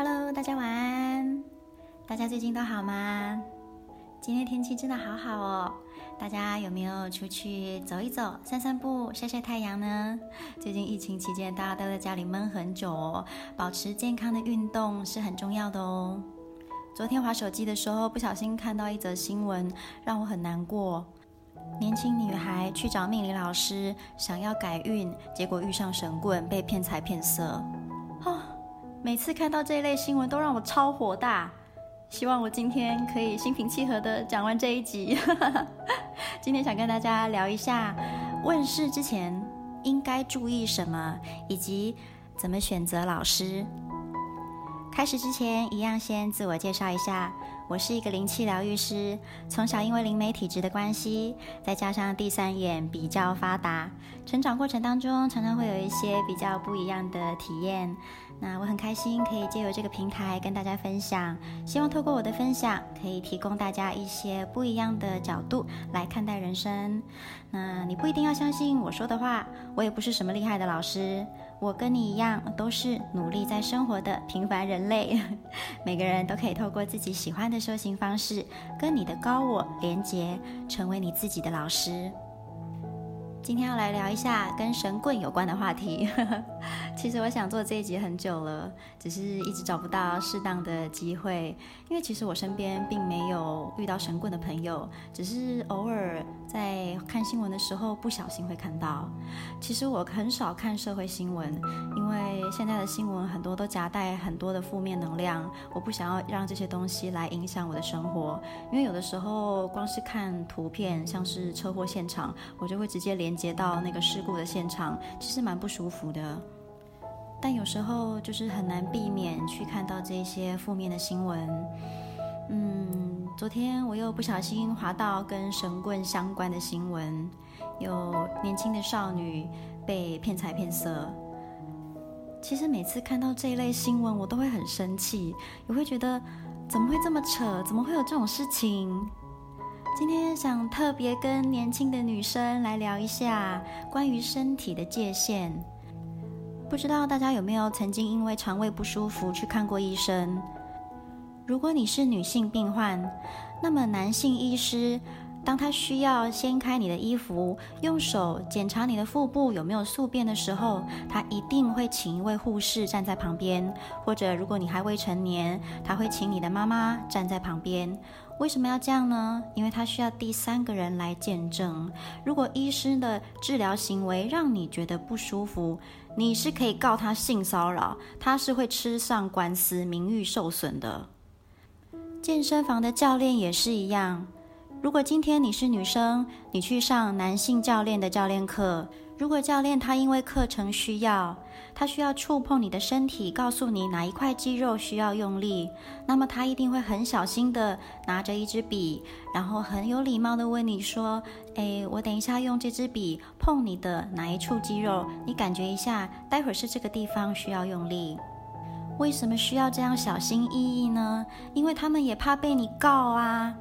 Hello，大家晚安！大家最近都好嗎？今天天氣真的好好哦，大家有沒有出去走一走、散散步、曬曬太陽呢？最近疫情期間，大家都在家裡悶很久哦，保持健康的運動是很重要的哦。昨天滑手機的時候，不小心看到一則新聞，讓我很難過。年輕女孩去找命理老師，想要改運，結果遇上神棍，被騙財騙色。每次看到這一類新聞都讓我超火大，希望我今天可以心平氣和地講完這一集。今天想跟大家聊一下，問事之前應該注意什麼，以及怎麼選擇老師。開始之前，一樣先自我介紹一下，我是一個靈氣療癒師。從小因為靈媒體質的關係，再加上第三眼比較發達，成長過程當中常常會有一些比較不一樣的體驗。那我很開心可以借由這個平台跟大家分享，希望透過我的分享，可以提供大家一些不一樣的角度來看待人生。那你不一定要相信我說的話，我也不是什麼厲害的老師，我跟你一樣都是努力在生活的平凡人類。每個人都可以透過自己喜歡的修行方式，跟你的高我連結，成為你自己的老師。今天要來聊一下跟神棍有關的話題。其實我想做這一集很久了，只是一直找不到適當的機會。因為其實我身邊並沒有遇到神棍的朋友，只是偶爾在看新聞的時候不小心會看到。其實我很少看社會新聞，因為現在的新聞很多都夾帶很多的負面能量，我不想要讓這些東西來影響我的生活。因為有的時候光是看圖片，像是車禍現場，我就會直接連接到那個事故的現場，其實蠻不舒服的。但有時候就是很難避免去看到這些負面的新聞。嗯，昨天我又不小心滑到跟神棍相關的新聞，有年輕的少女被騙財騙色。其實每次看到這一類新聞，我都會很生氣，我會覺得怎麼會這麼扯，怎麼會有這種事情？今天想特別跟年輕的女生來聊一下關於身體的界限。不知道大家有沒有曾經因為腸胃不舒服去看過醫生？如果你是女性病患，那麼男性醫師當他需要掀開你的衣服，用手檢查你的腹部有沒有宿便的時候，他一定會請一位護士站在旁邊，或者如果你還未成年，他會請你的媽媽站在旁邊。為什麼要這樣呢？因為他需要第三個人來見證。如果醫師的治療行為讓你覺得不舒服，你是可以告他性騷擾，他是會吃上官司，名譽受損的。健身房的教練也是一樣。如果今天你是女生，你去上男性教練的教練課。如果教練他因為課程需要，他需要觸碰你的身體，告訴你哪一塊肌肉需要用力，那麼他一定會很小心地拿着一支筆，然後很有禮貌地問你說：“哎，我等一下用這支筆碰你的哪一處肌肉，你感覺一下，待會兒是這個地方需要用力。”為什麼需要這樣小心翼翼呢？因為他們也怕被你告啊。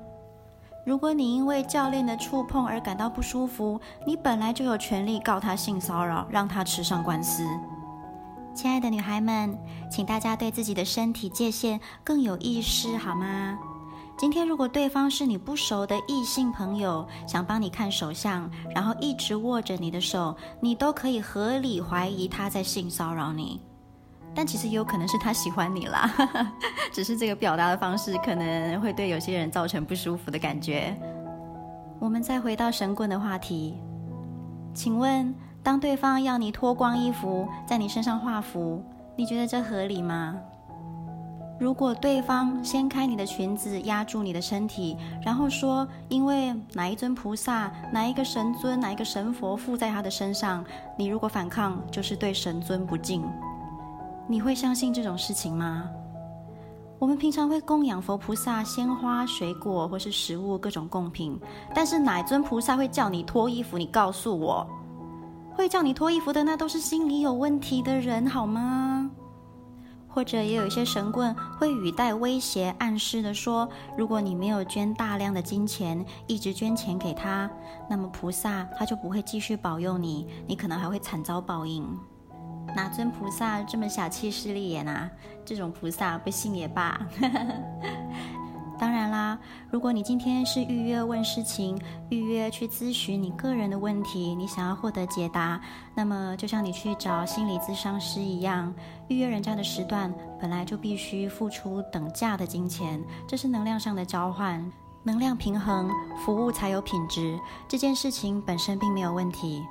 如果你因為教練的觸碰而感到不舒服，你本來就有權利告他性騷擾，讓他吃上官司。親愛的女孩們，請大家對自己的身體界限更有意識，好嗎？今天如果對方是你不熟的異性朋友，想幫你看手相，然後一直握着你的手，你都可以合理懷疑他在性騷擾你。但其實也有可能是他喜歡你啦， 只是這個表達的方式可能會對有些人造成不舒服的感覺。我們再回到神棍的話題，請問，當對方要你脫光衣服，在你身上畫符，你覺得這合理嗎？如果對方掀開你的裙子，壓住你的身體，然後說因為哪一尊菩薩、哪一個神尊、哪一個神佛附在他的身上，你如果反抗，就是對神尊不敬。你會相信這種事情嗎？我們平常會供養佛菩薩鮮花、水果或是食物各種供品，但是哪尊菩薩會叫你脫衣服？你告訴我，會叫你脫衣服的那都是心理有問題的人，好嗎？或者也有一些神棍會語帶威脅、暗示的說，如果你沒有捐大量的金錢，一直捐錢給他，那麼菩薩他就不會繼續保佑你，你可能還會慘遭報應。哪尊菩薩這麼小氣勢利眼啊？這種菩薩不信也罷。 當然啦，如果你今天是預約問事情、預約去諮詢你個人的問題，你想要獲得解答，那麼就像你去找心理諮商師一樣，預約人家的時段，本來就必須付出等價的金錢，這是能量上的交換，能量平衡，服務才有品質。這件事情本身並沒有問題。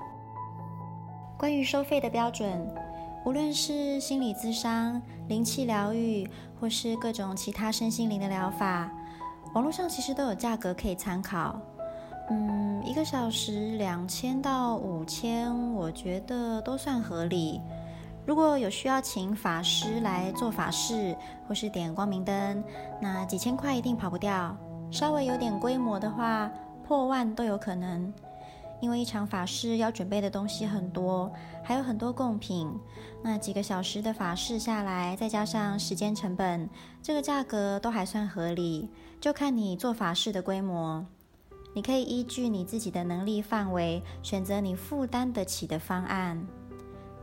關於收費的標準。無論是心理諮商、靈氣療癒，或是各種其他身心靈的療法，網絡上其實都有價格可以參考。嗯，一個小時兩千到五千，我覺得都算合理。如果有需要請法師來做法事，或是點光明燈，那幾千塊一定跑不掉。稍微有點規模的話，破萬都有可能。因為一場法事要準備的東西很多，還有很多供品。那幾個小時的法事下來，再加上時間成本，這個價格都還算合理。就看你做法事的規模，你可以依據你自己的能力範圍，選擇你負擔得起的方案。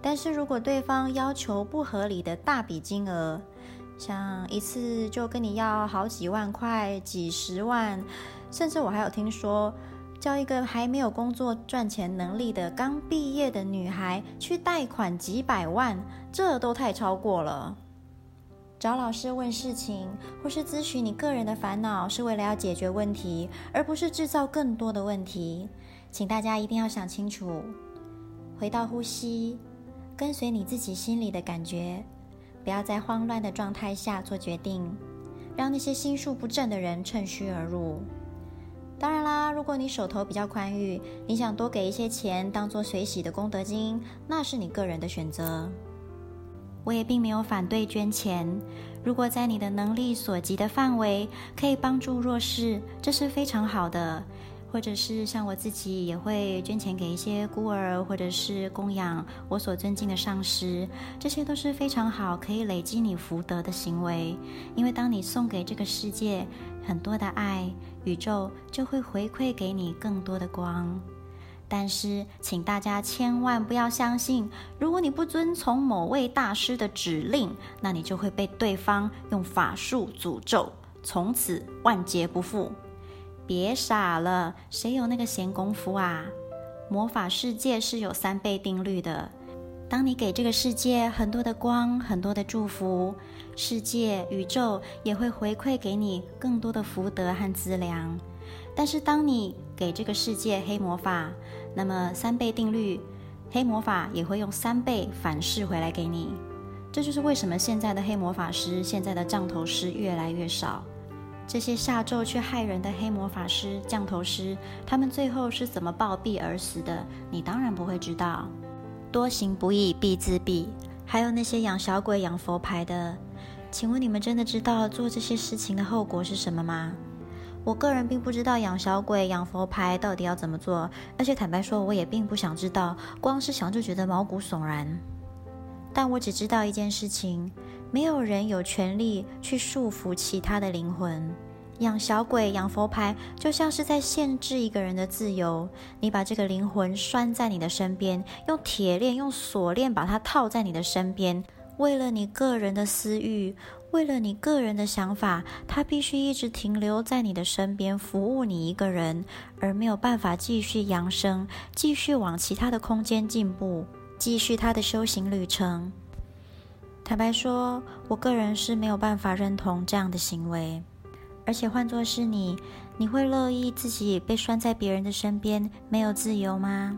但是如果對方要求不合理的大筆金額，像一次就跟你要好幾萬塊、幾十萬，甚至我還有聽說。教一個還沒有工作賺錢能力的剛畢業的女孩去貸款幾百萬，這都太超過了。找老師問事情，或是諮詢你個人的煩惱，是為了要解決問題，而不是制造更多的問題。請大家一定要想清楚。回到呼吸，跟隨你自己心裡的感覺，不要在慌亂的狀態下做決定，讓那些心術不正的人趁虛而入。當然啦，如果你手頭比較寬裕，你想多給一些錢當做隨喜的功德金，那是你個人的選擇。我也並沒有反對捐錢，如果在你的能力所及的範圍可以幫助弱勢，這是非常好的。或者是像我自己也會捐錢給一些孤兒，或者是供養我所尊敬的上師，這些都是非常好可以累積你福德的行為。因為當你送給這個世界很多的愛，宇宙就會回饋給你更多的光。但是，請大家千萬不要相信，如果你不遵從某位大師的指令，那你就會被對方用法術詛咒，從此萬劫不復。別傻了，誰有那個閒工夫啊？魔法世界是有三倍定律的。當你給這個世界很多的光、很多的祝福，世界、宇宙也會回饋給你更多的福德和資糧。但是，當你給這個世界黑魔法，那麼三倍定律，黑魔法也會用三倍反噬回來給你。這就是為什麼現在的黑魔法師、現在的降頭師越來越少。這些下咒卻害人的黑魔法師、降頭師，他們最後是怎麼暴斃而死的？你當然不會知道。多行不義必自斃。還有那些養小鬼、養佛牌的，請問你們真的知道做這些事情的後果是什麼嗎？我個人並不知道養小鬼、養佛牌到底要怎麼做，而且坦白說，我也並不想知道，光是想就覺得毛骨悚然。但我只知道一件事情：沒有人有權利去束縛其他的靈魂。養小鬼、養佛牌，就像是在限制一個人的自由。你把這個靈魂拴在你的身邊，用鐵鏈、用鎖鏈把它套在你的身邊，為了你個人的私欲，為了你個人的想法，他必須一直停留在你的身邊，服務你一個人，而沒有辦法繼續揚升，繼續往其他的空間進步，繼續他的修行旅程。坦白說，我個人是沒有辦法認同這樣的行為。而且換作是你，你會樂意自己被拴在別人的身邊，沒有自由嗎？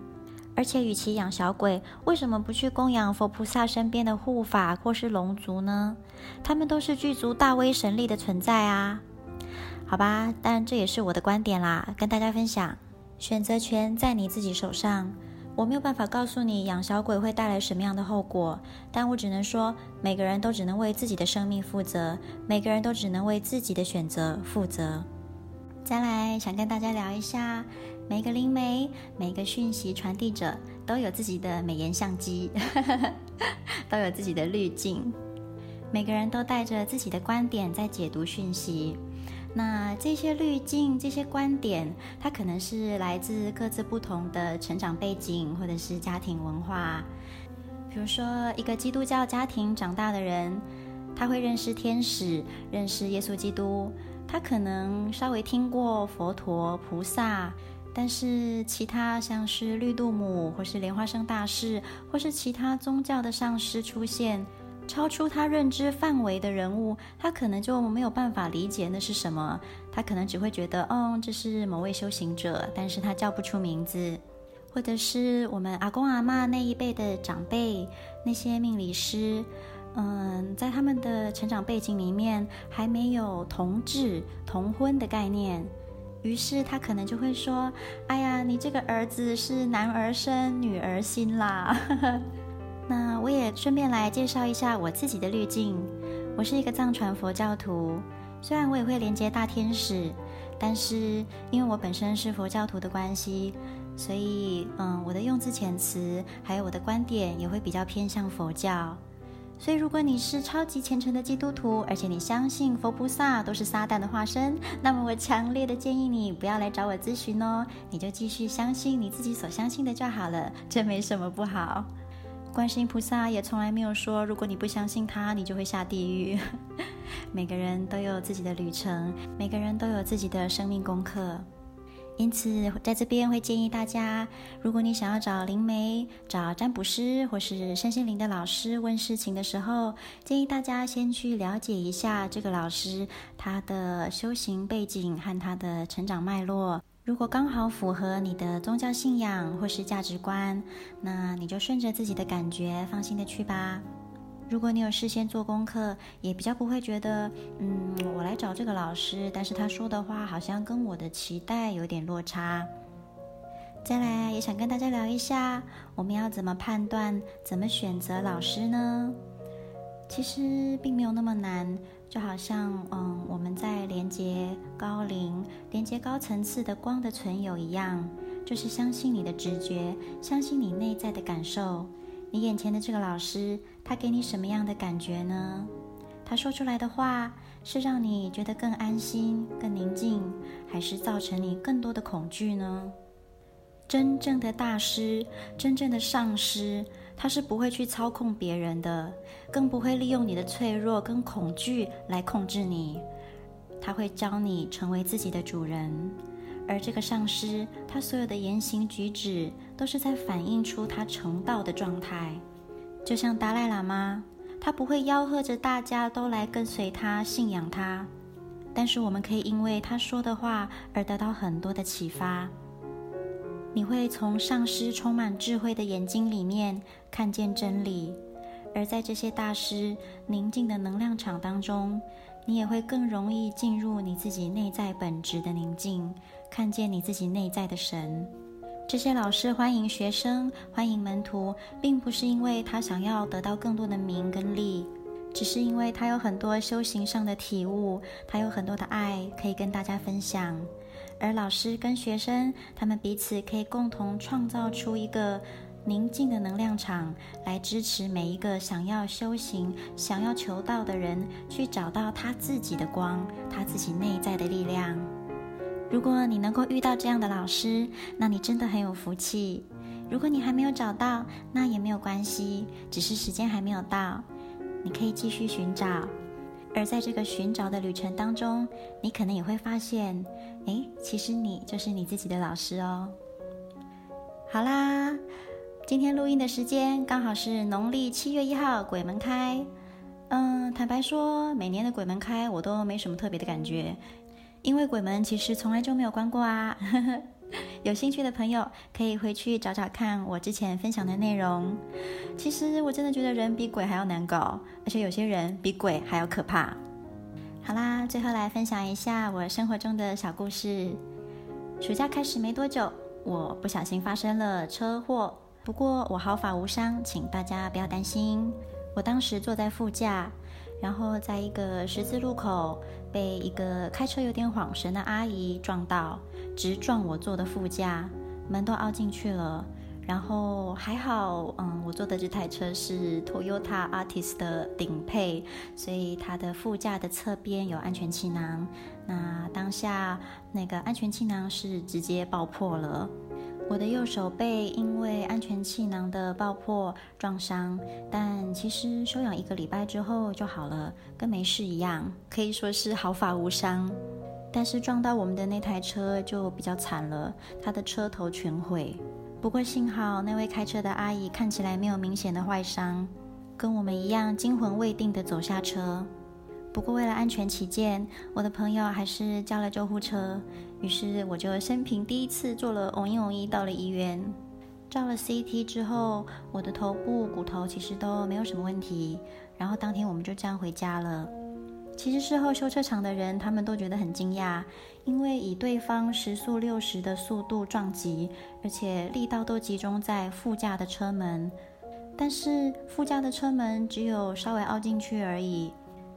而且，與其養小鬼，為什麼不去供養佛菩薩身邊的護法或是龍族呢？他們都是具足大威神力的存在啊。好吧，但這也是我的觀點啦，跟大家分享。選擇權在你自己手上。我沒有辦法告訴你養小鬼會帶來什麼樣的後果，但我只能說，每個人都只能為自己的生命負責，每個人都只能為自己的選擇負責。再來，想跟大家聊一下，每個靈媒，每個訊息傳遞者都有自己的美顏相機呵呵，都有自己的濾鏡，每個人都帶着自己的觀點在解讀訊息。那這些濾鏡、這些觀點，它可能是來自各自不同的成長背景，或者是家庭文化。比如說，一個基督教家庭長大的人，他會認識天使、認識耶穌基督，他可能稍微聽過佛陀、菩薩，但是其他像是綠度母或是蓮花生大士，或是其他宗教的上師出現。超出他認知範圍的人物，他可能就沒有辦法理解那是什麼。他可能只會覺得，嗯、哦，這是某位修行者，但是他叫不出名字。或者是我們阿公阿嬤那一輩的長輩，那些命理師，嗯，在他們的成長背景裡面還沒有同志同婚的概念，於是他可能就會說，哎呀，你這個兒子是男兒身，女兒心啦。 那，我也順便來介紹一下我自己的濾鏡。我是一個藏傳佛教徒，雖然我也會連接大天使，但是因為我本身是佛教徒的關係，所以嗯，我的用字遣詞還有我的觀點也會比較偏向佛教。所以如果你是超級虔誠的基督徒，而且你相信佛菩薩都是撒旦的化身，那麼我強烈的建議你不要來找我諮詢哦。你就繼續相信你自己所相信的就好了，這沒什麼不好。觀世音菩薩也從來沒有說，如果你不相信他，你就會下地獄。 每個人都有自己的旅程，每個人都有自己的生命功課。因此，在這邊會建議大家，如果你想要找靈媒、找占卜師或是身心靈的老師問事情的時候，建議大家先去了解一下這個老師，他的修行背景和他的成長脈絡。如果剛好符合你的宗教信仰或是價值觀，那你就順着自己的感覺，放心的去吧。如果你有事先做功課，也比較不會覺得，嗯，我來找這個老師，但是他說的話好像跟我的期待有點落差。再來，也想跟大家聊一下，我們要怎麼判斷、怎麼選擇老師呢？其實並沒有那麼難。就好像，嗯，我們在連接高靈、連接高層次的光的存有一樣，就是相信你的直覺，相信你內在的感受。你眼前的這個老師，他給你什麼樣的感覺呢？他說出來的話，是讓你覺得更安心、更寧靜，還是造成你更多的恐懼呢？真正的大師，真正的上師。他是不會去操控別人的，更不會利用你的脆弱跟恐懼來控制你。他會教你成為自己的主人。而這個上師，他所有的言行舉止都是在反映出他成道的狀態。就像達賴喇嘛，他不會吆喝着大家都來跟隨他、信仰他，但是我們可以因為他說的話而得到很多的啟發。你會從上師充滿智慧的眼睛裡面看見真理，而在這些大師寧靜的能量場當中，你也會更容易進入你自己內在本質的寧靜，看見你自己內在的神。這些老師歡迎學生、歡迎門徒，並不是因為他想要得到更多的名跟利，只是因為他有很多修行上的體悟，他有很多的愛可以跟大家分享。而老師跟學生，他們彼此可以共同創造出一個寧靜的能量場，來支持每一個想要修行、想要求道的人，去找到他自己的光，他自己內在的力量。如果你能夠遇到這樣的老師，那你真的很有福氣。如果你還沒有找到，那也沒有關係，只是時間還沒有到，你可以繼續尋找。而在這個尋找的旅程當中，你可能也會發現，誒，其實你就是你自己的老師哦。好啦，今天錄音的時間剛好是農曆七月一號，鬼門開。嗯，坦白說，每年的鬼門開我都沒什麼特別的感覺，因為鬼門其實從來就沒有關過啊，呵呵有興趣的朋友可以回去找找看我之前分享的內容。其實我真的覺得人比鬼還要難搞，而且有些人比鬼還要可怕。好啦，最後來分享一下我生活中的小故事。暑假開始沒多久，我不小心發生了車禍，不過我毫髮無傷，請大家不要擔心。我當時坐在副駕，然後在一個十字路口。被一個開車有點恍神的阿姨撞到，直撞我坐的副駕，門都凹進去了。然後還好，嗯，我坐的這台車是 Toyota Altis 的頂配，所以它的副駕的側邊有安全氣囊。那當下那個安全氣囊是直接爆破了。我的右手背因為安全氣囊的爆破撞傷，但其實休養一個禮拜之後就好了，跟沒事一樣，可以說是毫髮無傷。但是撞到我們的那台車就比較慘了，它的車頭全毀。不過幸好那位開車的阿姨看起來沒有明顯的外傷，跟我們一樣驚魂未定地走下車。不過為了安全起見，我的朋友還是叫了救護車。於是我就生平第一次坐了“嗡一嗡一”，到了醫院，照了 CT 之後，我的頭部骨頭其實都沒有什麼問題。然後當天我們就這樣回家了。其實事後修車廠的人他們都覺得很驚訝，因為以對方時速六十的速度撞擊，而且力道都集中在副駕的車門，但是副駕的車門只有稍微凹進去而已。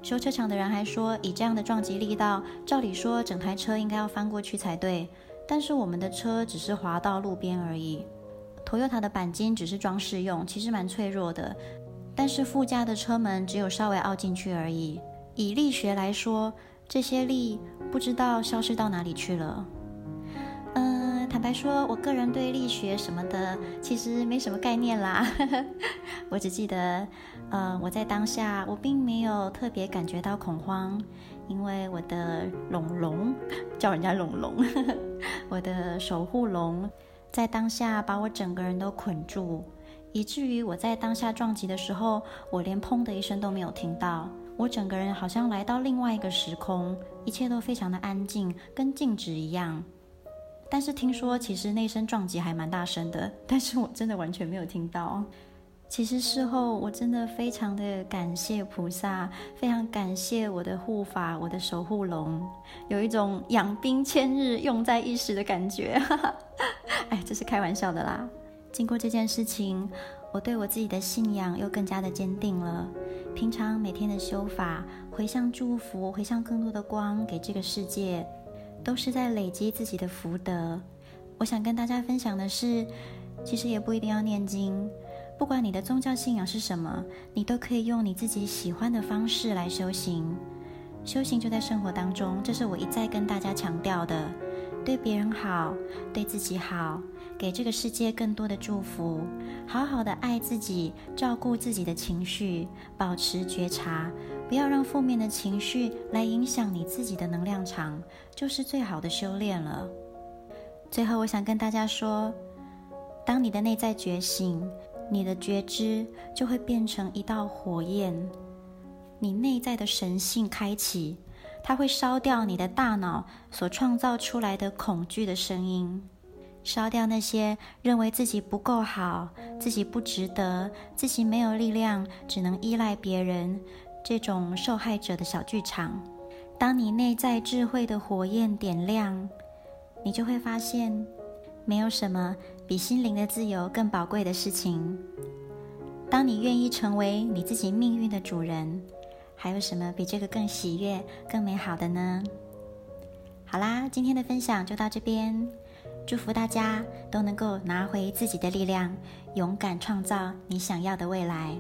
修車廠的人還說，以這樣的撞擊力道，照理說整台車應該要翻過去才對。但是我們的車只是滑到路邊而已。Toyota 的鈑金只是裝飾用，其實蠻脆弱的。但是副駕的車門只有稍微凹進去而已。以力學來說，這些力不知道消失到哪裡去了。嗯、呃，坦白說，我個人對力學什麼的其實沒什麼概念啦。 我只記得。呃，我在當下，我並沒有特別感覺到恐慌，因為我的龍龍叫人家龍龍， 我的守護龍在當下把我整個人都捆住，以至於我在當下撞擊的時候，我連砰的一聲都沒有聽到，我整個人好像來到另外一個時空，一切都非常的安靜，跟靜止一樣。但是聽說其實那聲撞擊還蠻大聲的，但是我真的完全沒有聽到。其實事後我真的非常的感謝菩薩，非常感謝我的護法，我的守護龍，有一種養兵千日用在一時的感覺。 哎，這是開玩笑的啦。經過這件事情，我對我自己的信仰又更加的堅定了。平常每天的修法、回向、祝福、回向更多的光給這個世界，都是在累積自己的福德。我想跟大家分享的是，其實也不一定要念經。不管你的宗教信仰是什麼，你都可以用你自己喜歡的方式來修行。修行就在生活當中，這是我一再跟大家強調的。對別人好，對自己好，給這個世界更多的祝福。好好的愛自己，照顧自己的情緒，保持覺察，不要讓負面的情緒來影響你自己的能量場，就是最好的修煉了。最後我想跟大家說，當你的內在覺醒。你的覺知就會變成一道火焰，你內在的神性開啟，它會燒掉你的大腦所創造出來的恐懼的聲音，燒掉那些認為自己不夠好、自己不值得、自己沒有力量、只能依賴別人這種受害者的小劇場。當你內在智慧的火焰點亮，你就會發現。沒有什麼比心靈的自由更寶貴的事情。當你願意成為你自己命運的主人，還有什麼比這個更喜悅、更美好的呢？好啦，今天的分享就到這邊。祝福大家都能夠拿回自己的力量，勇敢創造你想要的未來。